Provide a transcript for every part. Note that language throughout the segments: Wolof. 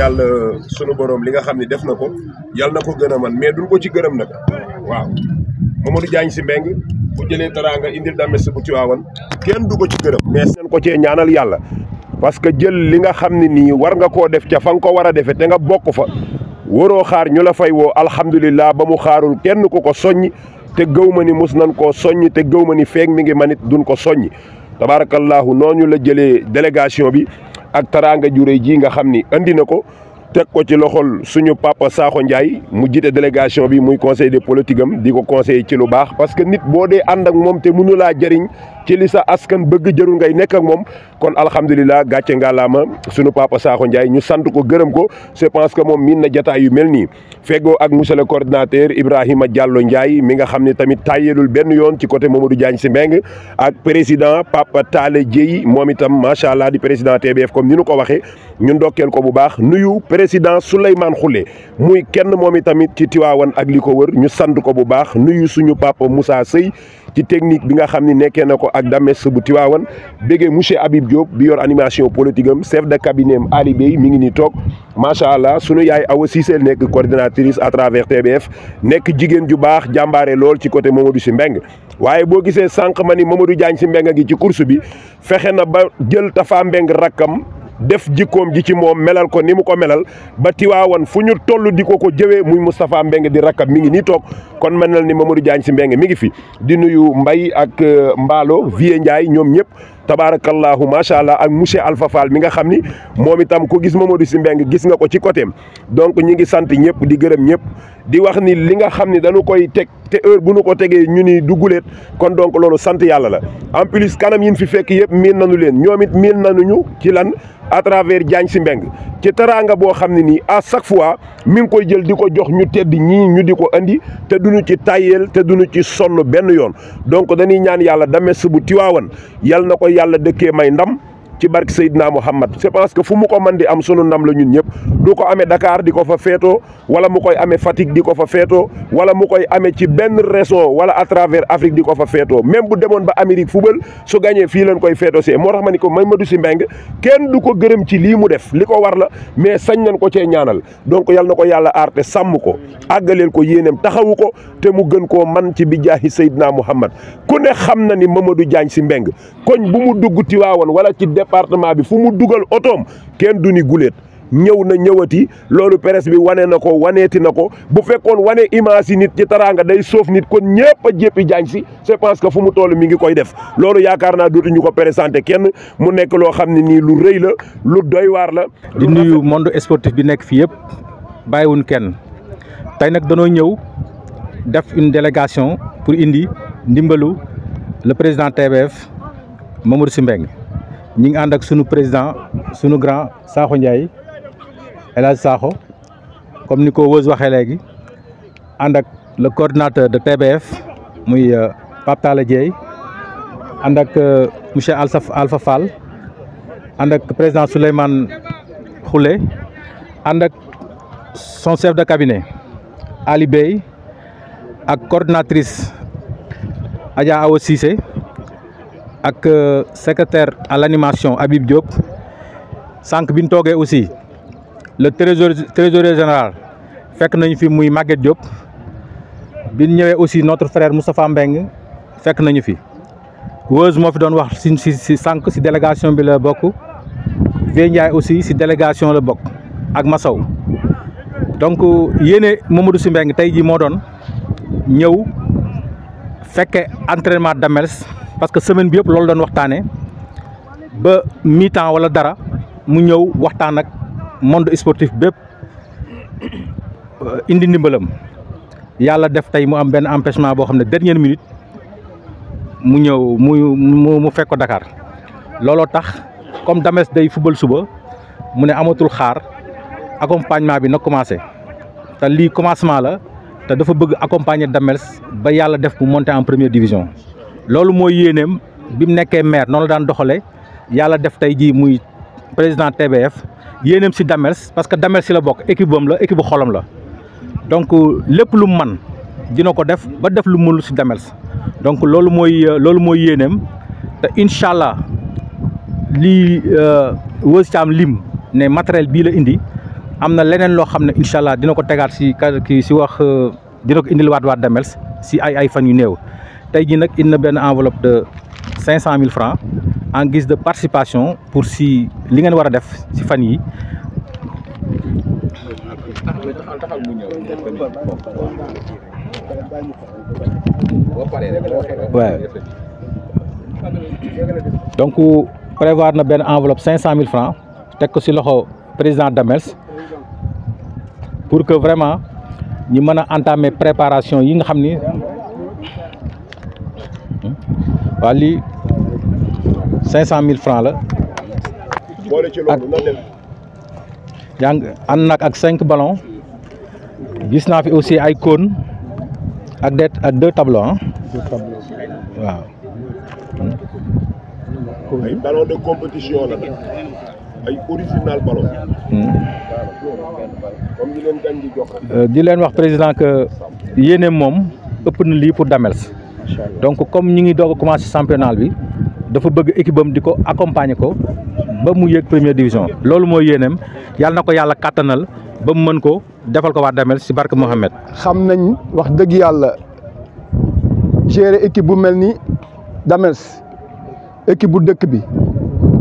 yàlla sunu boroom li nga xam ne def na ko yàlla na ko gën a man mais duñ ko ci gërëm nag waaw Mamadou Diagne Sy Mbengue bu jëlee teraanga indil dame si bu Tiwaawan kenn du ko ci gërëm mais seen ko cee ñaanal yàlla parce que jël li nga xam ne nii war nga koo def ca fa nga ko war a defee te nga bokk fa waroo xaar ñu la fay woo alhamdulilah ba mu xaarul kenn ku ko soññ te gëw ma ni mos nañ koo soññ te gëw ma ni feek mi ngi manit duñ ko soññ tabaarakallaahu noonu la jëlee délégation bi ak taraanga jure ji nga xam ni andi na ko teg ko ci loxol suñu papa Sakho Ndiaye mu jiite délégation bi muy conseil de politique am di ko conseiller ci lu baax parce que nit boo dee ànd ak moom te mënu laa jëriñ ci li sa askan bëgg jëru ngay nekk ak moom kon alhamdulilah gàcce ngàllaama suñu papa Sakho Ndiaye ñu sant ko gërëm ko je pense que moom miin na jataay yu mel nii feggoo ak monsieur le coordinateur Ibrahima Diallo Ndiaye mi nga xam ne tamit tàyyelul benn yoon ci côté Mamadou Diagne si Mbengue ak président Papa Talla Dieye moom itam macha allah di président TBF comme ni nu ko waxee ñu ndokkeel ko bu baax nuyu président Souleymane Khoule muy kenn moom itamit ci Tiwaawan ak li ko wër ñu sant ko bu baax nuyu suñu papa Moussa Seye ci technique bi nga xam ni nekkee na ko ak Dames bu Tiwaawan béggee monsieur Habib Diop bi yor animation politique am chef de cabinet am Ali Bey mi ngi ni toog macha allah sunu yaay Awa Cissé nekk coordinatrice à travers TBF nekk jigéen ju baax jàmbaare lool ci côté Mamadou si mbeng waaye boo gisee sànq ma ni Mamadou Diagne si Mbengue gi ci course bi fexe na ba jël Tafa Mbengue rakkam def jikkoom ji ci moom melal ko ni mu ko melal ba tiwaawan fu ñu toll di ko ko jëwee muy Moustapha Mbengue di rakkam mi ngi nii toog kon mel na ni Mamadou Diagne Sy Mbengue mi ngi fi di nuyu Mbaye ak euh, Mballo Vieux Ndiaye ñoom ñëpp tabarakallahu macha allah ak monsieur Alpha mi nga xam ni moom itam ku gis ma Mamadou si mbeng gis nga ko ci côté donc ñi ngi sant ñëpp di gërëm ñëpp di wax ni li nga xam ni dañu koy teg te heure bu nu ko tegee ñu ni dugguleet kon donc loolu sant yàlla la en plus kanam yin fi fekk yëpp miin nañu leen ñoom it miin nañu ci lan à travers Diagne Sy ci teraanga boo xam ne nii à chaque fois mi ngi koy jël di ko jox ñu tedd ñii ñu di ko andi te duñu ci tàyyeel te duñu ci sonn benn yoon donc dañuy ñaan yàlla dames bu Tiwaawan yal na ko yàlla dëkkee may ndam ci barke Seydina Mouhamad je pense que fu mu ko mën di am sunu ndam la ñun ñëpp du ko amee dakaar di ko fa feetoo wala mu koy amee Fatick di ko fa feetoo wala mu koy amee ci benn région wala à travers Afrique di ko fa feetoo même bu demoon ba Amérique football su gagné fii lañ koy feetoo see moo tax ma ni ko Mamadou Sy Mbengue kenn du ko gërëm ci lii mu def li ko war la mais sañ nañ ko cee ñaanal donc yal na ko yàlla aar te sàmm ko àggaleel ko yéeneem taxawu ko te mu gën koo man ci bi jaahi Seydina Mouhamad ku ne xam na ni Mamadou Diagne Sy Mbengue koñ bu mu département bi fu mu dugal otoom kenn du ni guléet ñëw na ñëwati loolu presse bi wane na ko waneeti na ko bu fekkoon wane image yi nit ci taraanga day soof nit kon ñëpp a jéppi jaañ si je pense que fu mu toll mi ngi koy def loolu yaakaar naa ñu ko présenté kenn mu nekk loo xam ne nii lu rëy la lu doy waar la. di nuyu monde sportif bi nekk fii yëpp bàyyiwuñ kenn tey nag danoo ñëw def une délégation pour indi ndimbalu le président TBF Mamadou Sy Mbengue ñi ngi ànd ak sunu président sunu grand Sakho Ndiaye El Hadj Sakho comme ni ko waxee léegi ànd ak le coordinateur de PBF muy euh, Pape Talla Dieye ànd ak euh, monsieur Alsaf Alpha Fall ànd ak président Souleymane Khoulé ànd ak son chef de cabinet Ali Bey ak coordinatrice Adja Awa Cissé ak euh, secretaire à l'animation Habib Diop sànq bi ñu toogee aussi le trésor trésorier général fekk nañu fi muy Maguette Diop bi ñëwee aussi notre frère Moustapha Mbeng fekk nañu fi Weuz moo fi doon wax si si si sànq si délégation bi la bokk Vieux aussi si délégation la bokk ak Massaw donc yéene Mamadou Sy Mbengue tey jii moo doon ñëw fekke entraînement d'Amels parce que semaine bi yëpp loolu doon waxtaanee ba mi temps wala dara mu ñëw waxtaan ak monde sportif bépp euh, indi ndimbalam yàlla def tey mu am benn empêchement boo xam ne dernière minute mu ñëw mu mu fekk ko Dakar looloo tax comme Dames day football suba mu ne amatul xaar accompagnement bi na commencé te lii commencement la te dafa bëgg accompagner Dames ba yàlla def mu monter en première division. loolu mooy yéeneem bi mu nekkee maire noonu la daan doxalee yàlla def tey jii muy président TBF yéeneem si Damels parce que Damels si la bokk équipe bam la équipe bu la donc lépp lum man dina ko def ba def lu mënul si Damels donc loolu mooy loolu mooy yéeneem incha allah lii euh, Weuz Thiam lim ne matériel bii la indi am na leneen loo xam ne incha allah dina ko tegaat si kii si wax euh, dina ko indil waat waat Damels si ay ay fan yu néew. tey jii nag indi na benn enveloppe de cinq cent mille francs en gis de participation pour si li ngeen war a def si fan yi waaw donc prévoir na benn enveloppe cinq cent mille francs teg ko si loxo président Damels pour que vraiment ñu mën a entamer préparation yi nga xam ni waa lii cinq cent mille la ak yaa nag ak cinq ballons gis naa fi aussi ay koon ak des deux tableaux ah waaw ay hmm. euh, leen wax président que yéene moom ëpp na lii pour Damels donc comme ñu ngi doog a commencé championnat bi dafa bëgg équipe am di ko accompagner ko ba mu yëg première division loolu mooy yéeneem yàlla na ko yàlla kàttanal ba mu mën ko defal ko waa Damel si barke Mohamed. xam nañ wax dëgg yàlla gérer équipe bu mel ni Damels équipe bu dëkk bi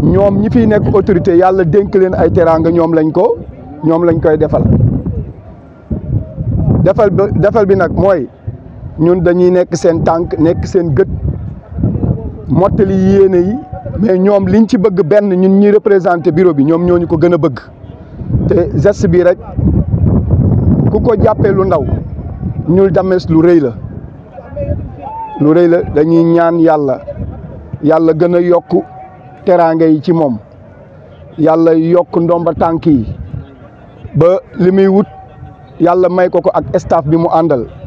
ñoom ñi fi nekk autorité yàlla dénk leen ay teraanga ñoom lañ ko ñoom lañ koy defal defal defal bi nag mooy. ñun dañuy nekk seen tànk nekk seen gët mottali yéene yi mais ñoom liñ ci bëgg benn ñun ñi représenté bureau bi ñoom ñooñu ko gën a bëgg te geste bi rek ku ko jàppee lu ndaw ñul dames lu rëy la lu rëy la dañuy ñaan yàlla yàlla gën a yokk teraanga yi ci moom yàlla yokk ndomba tànk yi ba li muy wut yàlla may ko ko ak staff bi mu àndal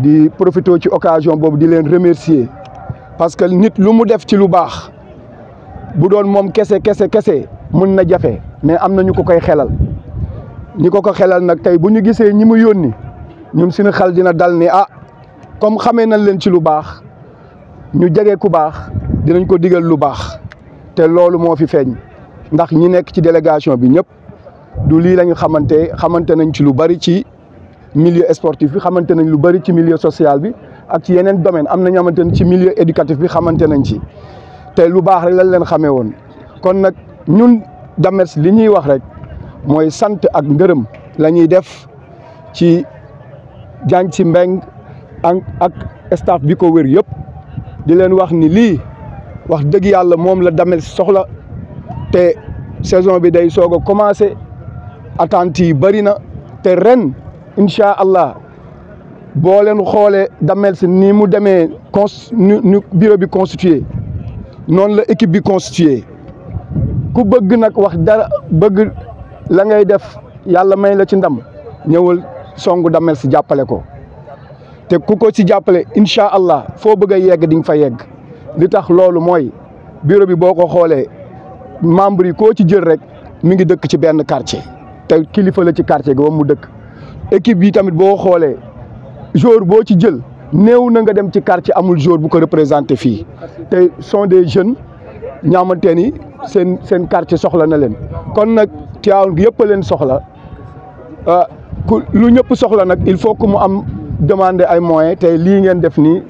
di profité ci occasion boobu di leen remercier parce que nit lu mu def ci lu baax bu doon moom kese kese kese mun na jafe mais am na ñu ko koy xelal ñi ko ko xelal nag tey bu ñu gisee ñi mu yónni ñun suñu xel dina dal ni ah comme xamee nañ leen ci lu baax ñu jege ku baax dinañ ko digal lu baax te loolu moo fi feeñ ndax ñi nekk ci délégation bi ñëpp du lii lañu xamante xamante nañ ci lu bari ci milieu sportif bi xamante nañ lu bëri ci milieu social bi ak ci yeneen domaine am na ñu xamante ne ci milieu éducatif bi xamante nañ ci te lu baax rek lañ leen xamee woon kon nag ñun Damels li ñuy wax rek mooy sant ak ngërëm la ñuy def ci Diagne Sy Mbengue ak staff bi ko wër yëpp di leen wax ni lii wax dëgg yàlla moom la Damels soxla te saison bi day soog a commencé attente yi bëri na te ren incha allah boo leen xoolee Damel si ni mu demee cons nu bureau bi constitué noonu la équipe bi constitué ku bëgg nag wax dara bëgg la ngay def yàlla may la ci ndam ñëwal songu Damel si jàppale ko te ku ko ci jàppale incha allah foo bëgg a yegg di fa yegg li tax loolu mooy bureau bi boo ko xoolee membre yi koo ci jël rek mi ngi dëkk ci benn quartier te kilifa la ci quartier gi ba mu dëkk. équipe bi tamit boo xoolee jour boo ci jël néew na nga dem ci quartier amul joueur bu ko représenté fii te sont des jeunes ñaamante seen seen quartier soxla na leen kon nag Tivaouane gi yëpp a leen soxla ah, ku lu ñëpp soxla nag il faut que mu am demander ay moyens tey lii ngeen def nii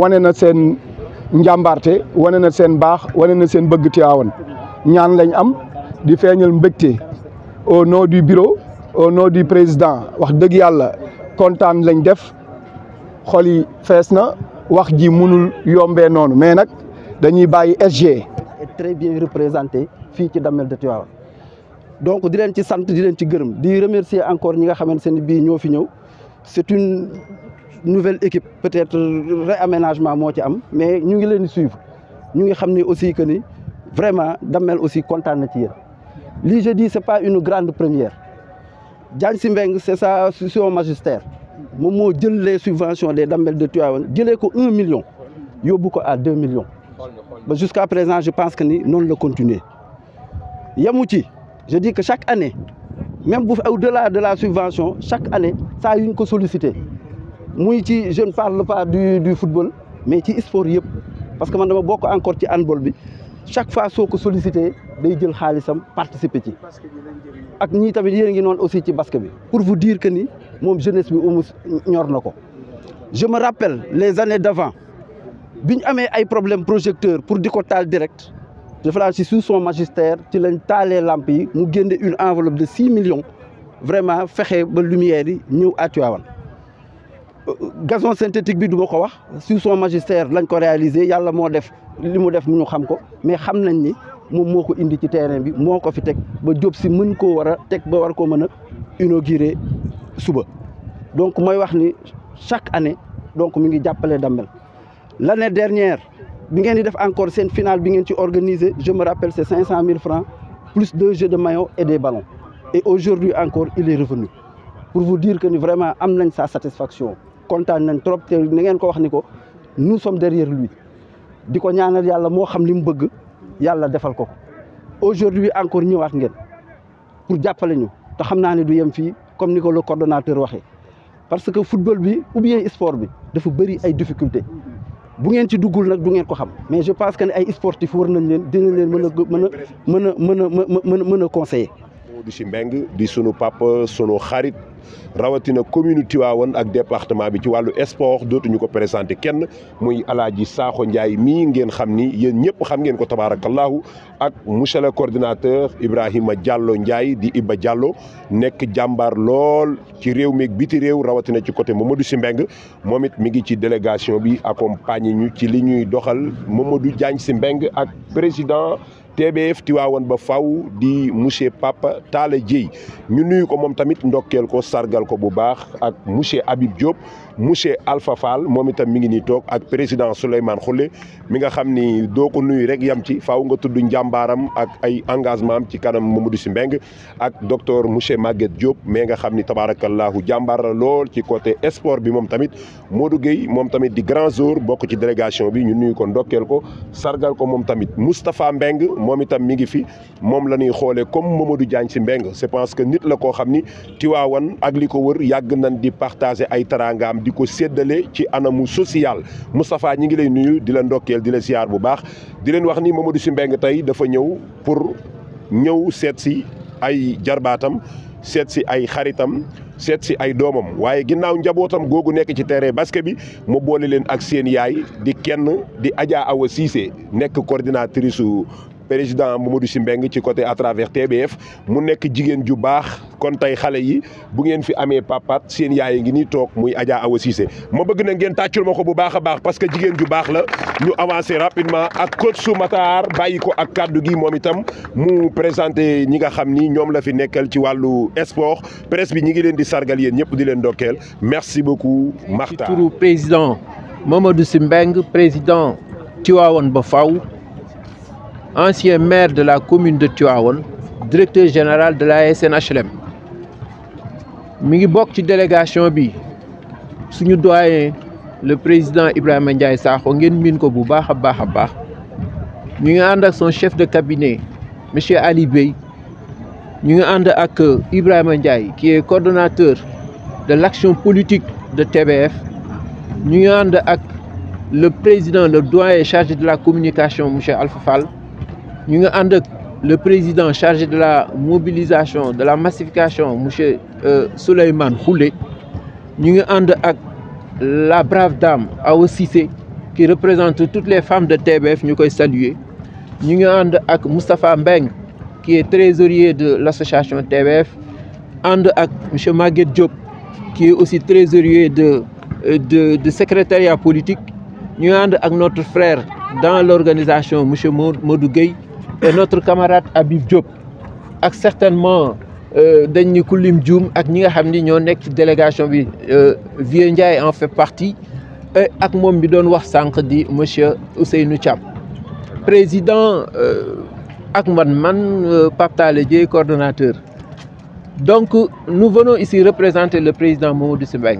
wane na seen njàmbaarte wane na seen baax wane na seen bëgg Tivaouane ñaan lañ am di feeñal mbégte au nom du bureau au nom du président wax dëgg yàlla kontaan lañ def xol yi fees na wax ji mënul yombee noonu mais nag dañuy bàyyi SG. est très bien représenté fii ci Damel de Tivaouane donc di leen ci sant di leen ci gërëm di remercier encore ñi nga xamante ne bii ñoo fi ñëw c'est une nouvelle équipe peut-être aménagement moo ci am mais ñu ngi leen di ñu ngi xam ni aussi que ni vraiment Damel aussi kontaan na ci yéen lii je c'est pas une grande première. Diagne si Mbengue c' est sa session magistère moom moo jël les subventions des Damel de Tivaouane jëlee ko un million yóbbu ko à deux millions ba jusqu' à présent je pense que ni noonu la continuer yemu ci je dis que chaque année même bu au delà de la subvention chaque année saa yu ñu ko sollicité muy ci je ne parle pas du du football mais ci sport yëpp parce que man dama bokk encore ci handball bi chaque fois soo ko sollicité day jël xaalisam participer ci ak ñii tamit yéen ngi noon aussi ci basket bi pour vous dire que ni moom jeunesse bi umus ñor na ko je me rappelle les années d'avant bi ñu amee ay problème projecteur pour di ko taal direct defe naa ci sous son magistère ci lañ taalee lamp yi mu génne une enveloppe de six millions vraiment fexe ba lumière yi ñëw à Tivaouane euh, gazon synthétique bi du ma ko wax sous son magistère lañ ko réaliser yàlla moo def li mu def mu ñu xam ko mais xam nañ ni moom moo ko indi ci terrain bi moo ko fi teg ba Diop si mën koo war a teg ba war koo mën a inaugurer suba donc mooy wax ni chaque année donc mu ngi jàppale Damel l'année dernière bi ngeen di def encore seen finale bi ngeen ci organiser je me rappelle c'est cinq cent mille francs plus deux jeux de maillot et des ballons et aujourd'hui encore il est revenu pour vous dire que ni vraiment am nañ sa satisfaction kontaan nañ trop te ni ngeen ko wax ni ko nous sommes derrière lui di ko ñaanal yàlla moo xam li mu bëgg yàlla defal ko aujourd'hui encore ñëwaat ngeen pour jàppale ñu te xam naa ne du yem fii comme ni ko le coordonnateur waxee parce que football bi ou bien sport bi dafa bëri ay difficultés bu ngeen ci duggul nag du ngeen ko xam mais je pense que ne ay sportifs war nañ leen dinañ leen mën a mën a mën a mën a mën a conseiller Modou Sy Mbengue di suñu papa sunu xarit rawatina commune Tivaouane ak département bi ci wàllu sport dootuñu ko présenté kenn muy alaaji Sakho Ndiaye mii ngeen xam ni yéen ñëpp xam ngeen ko tabaarakallaahu ak monsieur le coordinateur Ibrahima Diallo Ndiaye di Iba Diallo nekk jàmbaar lool ci réew meeg biti réew rawatina ci côté Mamadou si mbeng moom it mi ngi ci délégation bi accompagné ñu ci li ñuy doxal Mamadou Diagne Sy Mbengue ak président. TBF Tiwaawan ba faw di monsieur Papa Talla Dieye ñu nuyu ko moom tamit ndokkeel ko sargal ko bu baax ak monsieur Habib Diop monsieur Alpha moom itam mi ngi nii toog ak président Souleymane Khoule mi nga xam ni doo ko nuyu rek yam ci faw nga tudd njàmbaaram ak ay engagement am ci kanam Mamadou Sy Mbengue ak docteur monsieur Maguette Diop mais nga xam ni tabaarakallaahu jàmbaar la lool ci côté sport bi moom tamit Modou Gueye moom tamit di grand jour bokk ci délégation bi ñu nuyu ko ndokkeel ko sargal ko moom tamit Moustapha Mbengue moom itam mi ngi fi moom la ñuy xoolee comme Mamadou Diagne Sy Mbengue je pense que nit la koo xam ni Tiwaawan ak li ko wër yàgg nañ di partager ay teraangaam di ko séddale ci anamu social Moustapha ñi ngi lay nuyu di la ndokkeel di la siyaar bu baax di leen wax ni Mamadou Sy Mbengue tey dafa ñëw pour ñëw seet si ay jarbaatam seet si ay xaritam seet si ay doomam waaye ginnaaw njabootam googu nekk ci terrain basket bi mu boole leen ak seen yaay di kenn di Adja Awa Cissé nekk coordinatrice su président Mamadou Sy Mbengue ci côté à travers TBF mu nekk jigéen ju baax kon tey xale yi bu ngeen fi amee papat seen yaay ngi nii toog muy Adja Awa Cissé ma bëgg na ngeen tàccul ma ko bu baax a baax parce que jigéen ju baax la ñu avancer rapidement ak coach su bàyyi ko ak kàddu gi moom itam mu présenté ñi nga xam ni ñoom la fi nekkal ci wàllu sport presse bi ñi ngi leen di sargal yéen ñëpp di leen dokkeel merci beaucoup Makhtar turu président Mamadou Sy Mbengue président Tivaouane ba faw ancien maire de la commune de Tivaouane directeur général de la SNHLM mi ngi bokk ci délégation bi suñu doyen le président Ibrahima Ndiaye Sakho ngeen miin ko bu baax a baax a baax ñu ngi ànd ak son chef de cabinet monsieur Ali Bey ñu ngi ànd ak Ibrahima Ndiaye ki est coordonnateur de l'action politique de TBF ñu ngi ànd ak le président le doyen chargé de la communication monsieur Alpha ñu ngi ànd ak le président chargé de la mobilisation de la massification monsieur euh, Souleymane Khoulé ñu ngi ànd ak la brave dame Awa Cissé qui représente toutes les femmes de TBF ñu koy saluer ñu ngi ànd ak Moustapha Mbeng qui est trésorier de l'association TBF ànd ak monsieur Maguette Diop qui est aussi trésorier de euh, de de secrétariat politique ñu ànd ak notre frère dans l'organisation monsieur Modou Gueye et notre camarade Habib Diop ak certainement euh, dañ ni ku lim ak ñi nga xam ni ñoo nekk ci délégation bi euh, Vieux Ndiaye en fait partie ak moom bi doon wax sànq di monsieur Ousseynou Thiam président euh, ak man man Pape Talla Dieye coordonnateur donc nu veno ici représenter le président Mamadou Sy Mbaye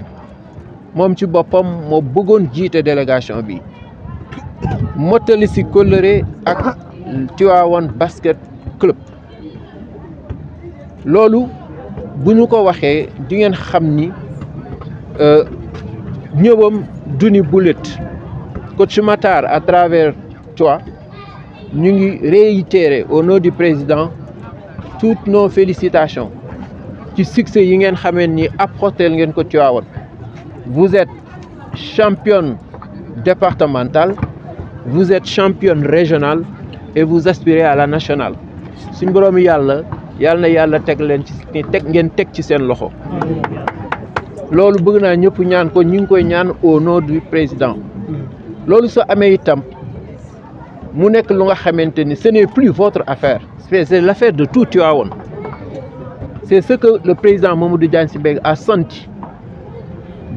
moom ci boppam moo bëggoon jiite délégation bi mottali si kóllëre ak Tivaouane basket club loolu bu ñu ko waxee di ngeen xam ni euh, ñëwam duni bulet coach Matar à travers toi ñu ngi réitérer au nom di président toutes nos félicitations ci succès yi ngeen xamee ni apporter ngeen ko Tivaouane vous êtes championne départementale vous êtes championne régionale et vous aspirez à la nationale suñ boroomi yàlla yàlla na yàlla teg leen ci teg ngeen teg ci seen loxo loolu bëgg naa ñëpp ñaan ko ñu ngi koy ñaan au nom du président loolu soo amee itam mu nekk lu nga xamante ni ce n'est plus votre affaire c'est c'est l'affaire de tout Tivaouane c'est ce que le président du Diagne si Mbengue a senti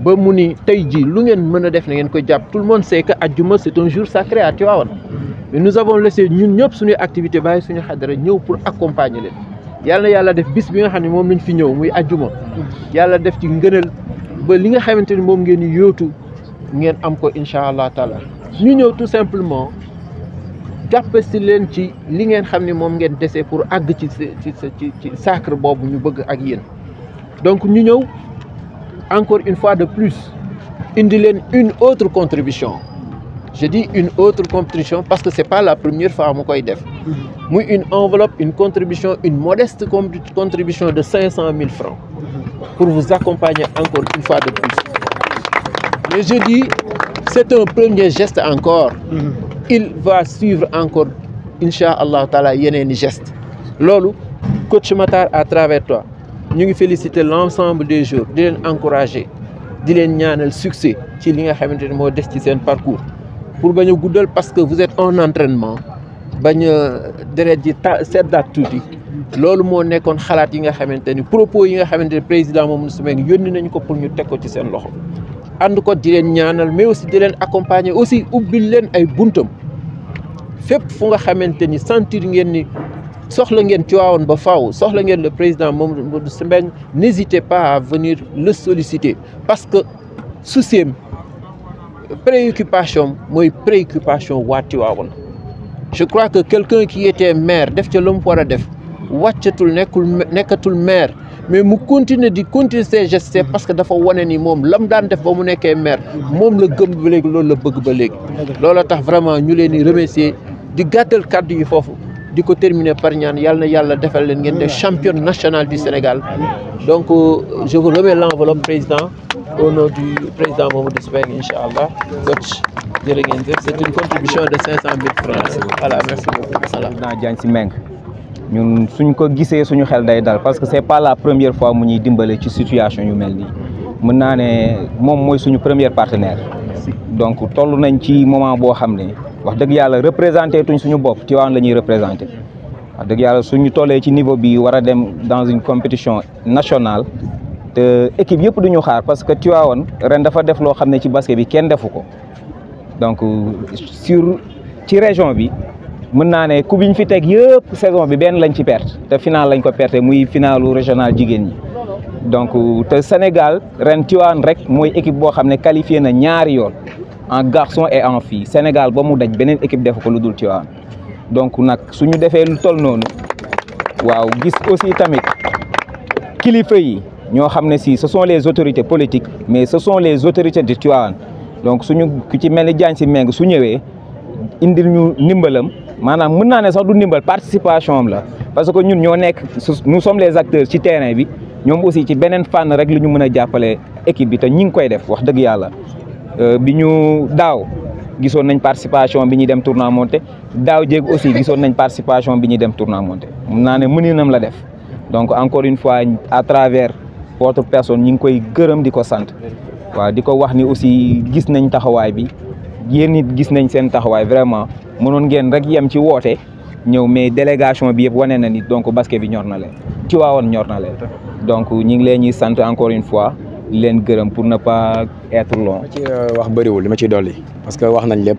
ba mu ni tey jii lu ngeen mën a def na ngeen ko jàpp tul le monde sait que ajjuma c'est un jour à Tivaouane mais nous avons laissé ñun ñëpp suñuy activité bàyyi suñu xadara ñëw pour accompagner leen yàlla yàlla def bis bi nga xam ne moom lañ fi ñëw muy ajjuma yàlla def ci ngënal ba li nga xamante ni moom ngeen yóotu ngeen am ko incha allah taala ñu ñëw tout simplement jàppe si leen ci li ngeen xam ni moom ngeen dese pour àgg ci ci ci ci sacre boobu ñu bëgg ak yéen donc ñu ñëw encore une fois de plus indi leen une autre contribution je dis une autre contribution parce que c'est pas la première fois mu koy def muy une enveloppe une contribution une modeste contribution de cinq cent mille francs pour vous accompagner encore une fois de plus mais je dis c'est un premier geste encore il va suivre encore incha allahu taala yeneeni geste loolu coach Matar à travers toi ñu ngi féliciter l'ensemble des jours di leen encourager di leen ñaanal succès ci li nga xamante ne moo des ci seen parcours pour bañ a guddal parce que vous êtes en entraînement bañ a deret ji ta seddaat tuuti loolu moo nekkoon xalaat yi nga xamante ni propos yi nga xamante ni président Mamadou Sy Mbengue yónni nañ ko pour ñu teg ko ci seen loxo ànd ko di leen ñaanal mais aussi di leen accompagner aussi ubbil leen ay buntam fépp fu nga xamante ni sentir ngeen ni soxla ngeen Tivaouane ba faaw soxla ngeen le président Mamadou Sy Mbengue n'hésitez pas à venir le solliciter parce que souci préoccupation mooy préoccupation waa Tiwaawoon je crois que ki qui était maire def ca lu mu war a def wàccatul nekkul nekkatul maire mais mu continuer di continuer ses gestes parce que dafa wane ni moom lam daan def ba mu nekkee maire moom la gën léegi loolu la bëgg ba léegi loolu tax vraiment ñu leen di remercier di gàttal kàddu yi foofu di ko terminer par ñaan yàlla na yàlla defal leen ngeen def champion national du Sénégal donc je vous remets l'enveloppe président au nom du président Mamadou Sibène incha allah coach jërë c'est une contribution de cinq cent mille francs voilà merci beaucoup président ñun suñ ko gisee suñu xel day dal parce que c'est pas la première fois mu ñuy dimbale ci situation yu mel nii mën naa ne moom mooy suñu premier partenaire donc toll nañ ci moment boo xam ne wax dëgg yàlla représenté tuñ suñu bopp Tivaouane la ñuy représenté wax dëgg yàlla suñu tollee ci niveau bi war a dem dans une compétition nationale te équipe yëpp du duñu xaar parce que Tivaouane ren dafa def loo xam ne ci basket bi kenn defu ko donc sur ci région bi mën naa ne coupe bi ñu fi teg yëpp saison bi benn lañ ci perte te final lañ ko perte muy finalu régional jigéen ñi donc te Sénégal ren Tivaouane rek mooy équipe boo xam ne qualifié na ñaari yoon en garçon et en fille Sénégal ba mu daj beneen équipe def ko lu dul Tivaouane donc nag ñu defee lu toll noonu waaw gis aussi tamit kilifa yi ñoo xam ne si ce sont les autorités politiques mais ce son les autorités de Tivaouane donc suñu ku ci mel ni Diagne si Mbengue su ñëwee indil ñu ndimbalam maanaam mën naa ne sax du ndimbal participation la parce que ñun ñoo nekk nous som les acteurs ci terrain bi ñoom aussi ci beneen fànn rek lu ñu mën a jàppale équipe bi te ñi ngi koy def wax dëgg yàlla Euh, bi ñu daaw gisoon nañ participation bi ñuy dem tournoi monté daaw jéeg aussi gisoon nañ participation bi ñuy dem tournoi monté mun naa ne mëninam la def donc encore une fois à travers votre personne ñu ngi koy gërëm di ko sant waaw di ko wax ni aussi gis nañ taxawaay bi yéen it gis nañ seen taxawaay vraiment mënoon ngeen rek yem ci woote ñëw mais délégation bi yëpp wane na ni donc basket bi ñor na leen ci waawoon ñor na leen donc ñu ngi leen ñuy sant encore une fois di leen gërëm pour na pas être long. li ma ci euh, wax ma ciy dolli parce que wax nañ lépp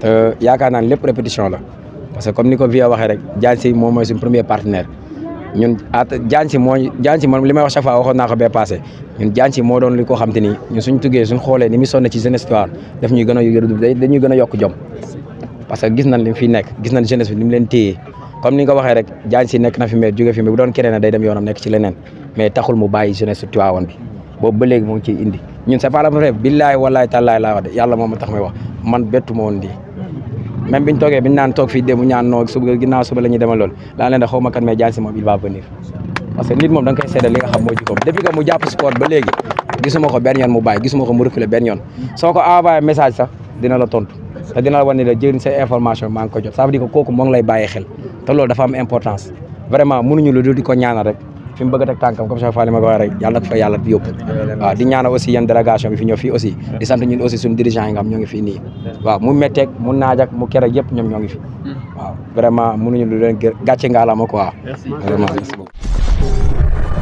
te yaakaar naa ne lépp répétition la parce que comme ni ko Vieux waxee rek Diagne Sy moom mooy suñu premier partenaire ñun at Diagne Sy moo Diagne Sy man li may wax doon li ko xam ni ñun suñ tuggee suñ xoolee ni mu sonn ci jeunesse Tivaouane daf ñuy gën a yë dañuy a yokk jom parce que gis nañ li fi nekk gis nañ jeunesse leen téye. comme ni ko waxee rek Diagne Sy nekk na fi mais jóge fi mais bu doon keneen day dem yoonam nekk ci leneen mais taxul mu bàyyi jeunesse Tivaouane bi boobu ba léegi moo ngi ciy indi ñun c'est la preuve billaay wallaay tallaay laa wax de yàlla moom ma tax may wax man bettu ma woon lii même biñ naan toog fii démb ñaan noo suba ginnaaw suba la ñuy demal loolu laa leen da xaw ma kan may jaan si moom il va venir parce que nit moom da nga li nga xam mooy jikkoom ba léegi gisuma ko benn yoon mu bàyyi gisuma ko mu reculer benn yoon soo ko envoyé message sax dina la tontu te dina la wan ne la jëriñ sa information maa ko jot ça veut dire que kooku moo ngi loolu dafa am importance vraiment mënuñu lu dul di ko rek fi mu bëgg a teg tànkam comme chaque fois li ma ko waxee rek yàlla na waaw di ñaanal aussi yéen délégation fi ñëw fii aussi di sant ñun aussi suñu dirigeant yi nga xam waaw mu metteeg mu naaj ak mu kere yëpp ñoom ñoo ngi fi waaw vraiment mënuñu lu leen gàcce ngaalaama quoi vraiment merci beaucoup